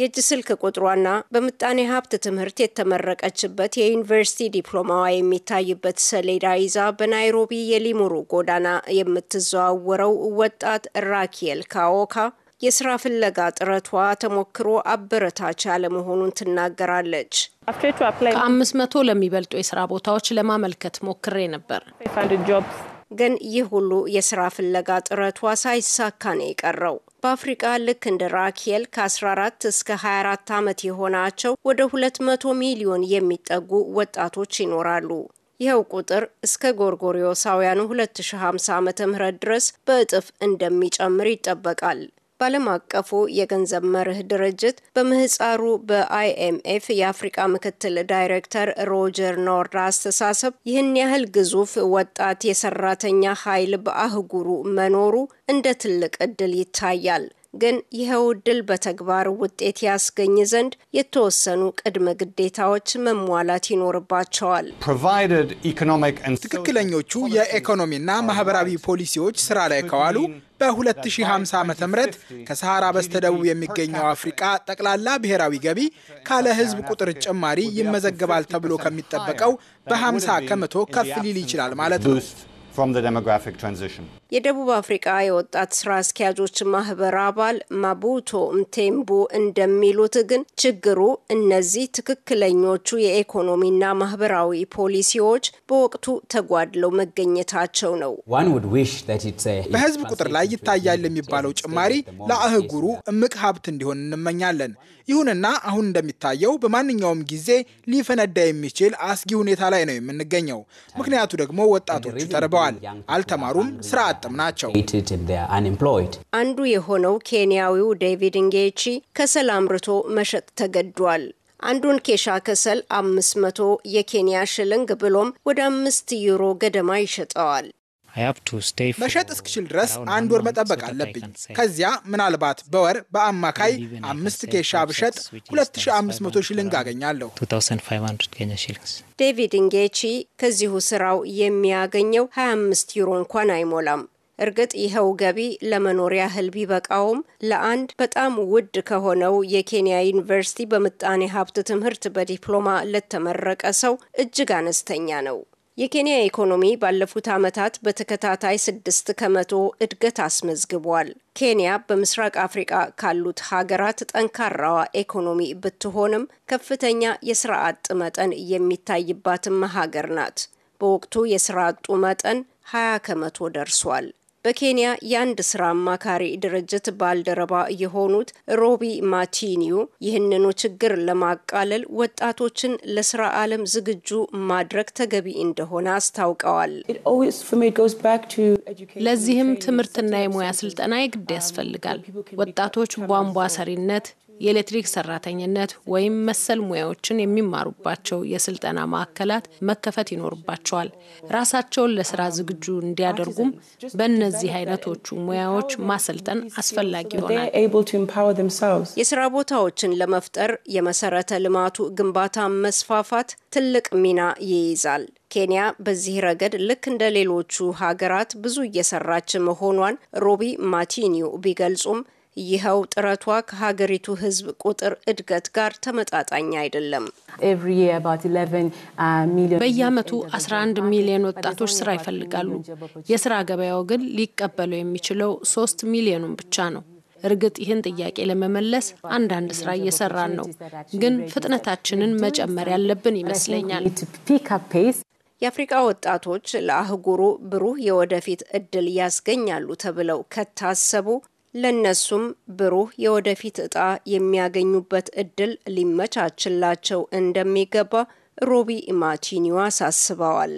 የእጅ ስልክ ቁጥሯና በምጣኔ ሀብት ትምህርት የተመረቀችበት የዩኒቨርሲቲ ዲፕሎማዋ የሚታይበት ሰሌዳ ይዛ በናይሮቢ የሊሙሩ ጎዳና የምትዘዋወረው ወጣት ራኪኤል ካዎካ የስራ ፍለጋ ጥረቷ ተሞክሮ አበረታች አለመሆኑን ትናገራለች። ከአምስት መቶ ለሚበልጡ የስራ ቦታዎች ለማመልከት ሞክሬ ነበር፣ ግን ይህ ሁሉ የስራ ፍለጋ ጥረቷ ሳይሳካ ነው የቀረው። በአፍሪቃ ልክ እንደ ራኬል ከ14 እስከ 24 ዓመት የሆናቸው ወደ 200 ሚሊዮን የሚጠጉ ወጣቶች ይኖራሉ። ይኸው ቁጥር እስከ ጎርጎሪዮሳውያኑ 2050 ዓ ም ድረስ በእጥፍ እንደሚጨምር ይጠበቃል። በዓለም አቀፉ የገንዘብ መርህ ድርጅት በምህፃሩ በአይኤምኤፍ የአፍሪቃ ምክትል ዳይሬክተር ሮጀር ኖርዳ አስተሳሰብ ይህን ያህል ግዙፍ ወጣት የሰራተኛ ኃይል በአህጉሩ መኖሩ እንደ ትልቅ እድል ይታያል። ግን ይኸው እድል በተግባር ውጤት ያስገኝ ዘንድ የተወሰኑ ቅድመ ግዴታዎች መሟላት ይኖርባቸዋል። ትክክለኞቹ የኢኮኖሚና ማህበራዊ ፖሊሲዎች ስራ ላይ ከዋሉ በ2050 ዓ ም ከሰሃራ በስተደቡብ የሚገኘው አፍሪቃ ጠቅላላ ብሔራዊ ገቢ ካለ ህዝብ ቁጥር ጭማሪ ይመዘገባል ተብሎ ከሚጠበቀው በ50 ከመቶ ከፍ ሊል ይችላል ማለት ነው። የደቡብ አፍሪቃ የወጣት ስራ አስኪያጆች ማህበር አባል ማቡቶ ምቴምቡ እንደሚሉት ግን ችግሩ እነዚህ ትክክለኞቹ የኢኮኖሚና ማህበራዊ ፖሊሲዎች በወቅቱ ተጓድለው መገኘታቸው ነው። በህዝብ ቁጥር ላይ ይታያል የሚባለው ጭማሪ ለአህጉሩ እምቅ ሀብት እንዲሆን እንመኛለን። ይሁንና አሁን እንደሚታየው በማንኛውም ጊዜ ሊፈነዳ የሚችል አስጊ ሁኔታ ላይ ነው የምንገኘው። ምክንያቱ ደግሞ ወጣቶቹ ተርበዋል፣ አልተማሩም፣ ስራ ጥም ናቸው። አንዱ የሆነው ኬንያዊው ዴቪድ እንጌቺ ከሰል አምርቶ መሸጥ ተገዷል። አንዱን ኬሻ ከሰል 500 የኬንያ ሽልንግ ብሎም ወደ አምስት ዩሮ ገደማ ይሸጠዋል። መሸጥ እስክችል ድረስ አንድ ወር መጠበቅ አለብኝ። ከዚያ ምናልባት በወር በአማካይ አምስት ኬሻ ብሸጥ 2500 ሽልንግ አገኛለሁ። ዴቪድ እንጌቺ ከዚሁ ስራው የሚያገኘው 25 ዩሮ እንኳን አይሞላም። እርግጥ ይኸው ገቢ ለመኖሪያ ያህል ቢበቃውም ለአንድ በጣም ውድ ከሆነው የኬንያ ዩኒቨርሲቲ በምጣኔ ሀብት ትምህርት በዲፕሎማ ለተመረቀ ሰው እጅግ አነስተኛ ነው። የኬንያ ኢኮኖሚ ባለፉት ዓመታት በተከታታይ ስድስት ከመቶ እድገት አስመዝግቧል። ኬንያ በምስራቅ አፍሪቃ ካሉት ሀገራት ጠንካራዋ ኢኮኖሚ ብትሆንም ከፍተኛ የስራ አጥ መጠን የሚታይባትም ሀገር ናት። በወቅቱ የስራ አጡ መጠን 20 ከመቶ ደርሷል። በኬንያ የአንድ ስራ አማካሪ ድርጅት ባልደረባ የሆኑት ሮቢ ማቲኒዩ ይህንኑ ችግር ለማቃለል ወጣቶችን ለስራ ዓለም ዝግጁ ማድረግ ተገቢ እንደሆነ አስታውቀዋል። ለዚህም ትምህርትና የሙያ ስልጠና የግድ ያስፈልጋል። ወጣቶች ቧንቧ ሰሪነት የኤሌክትሪክ ሰራተኝነት ወይም መሰል ሙያዎችን የሚማሩባቸው የስልጠና ማዕከላት መከፈት ይኖርባቸዋል። ራሳቸውን ለስራ ዝግጁ እንዲያደርጉም በእነዚህ አይነቶቹ ሙያዎች ማሰልጠን አስፈላጊ ይሆናል። የስራ ቦታዎችን ለመፍጠር የመሰረተ ልማቱ ግንባታ መስፋፋት ትልቅ ሚና ይይዛል። ኬንያ በዚህ ረገድ ልክ እንደ ሌሎቹ ሀገራት ብዙ እየሰራች መሆኗን ሮቢ ማቲኒዮ ቢገልጹም ይኸው ጥረቷ ከሀገሪቱ ሕዝብ ቁጥር እድገት ጋር ተመጣጣኝ አይደለም። uh, በየዓመቱ 11 ሚሊዮን ወጣቶች ስራ ይፈልጋሉ። የስራ ገበያው ግን ሊቀበለው የሚችለው ሶስት ሚሊዮኑን ብቻ ነው። እርግጥ ይህን ጥያቄ ለመመለስ አንዳንድ ስራ እየሰራን ነው፣ ግን ፍጥነታችንን መጨመር ያለብን ይመስለኛል። የአፍሪቃ ወጣቶች ለአህጉሩ ብሩህ የወደፊት እድል ያስገኛሉ ተብለው ከታሰቡ ለነሱም ብሩህ የወደፊት እጣ የሚያገኙበት እድል ሊመቻችላቸው እንደሚገባ ሮቢ ኢማቺኒዮ አሳስበዋል።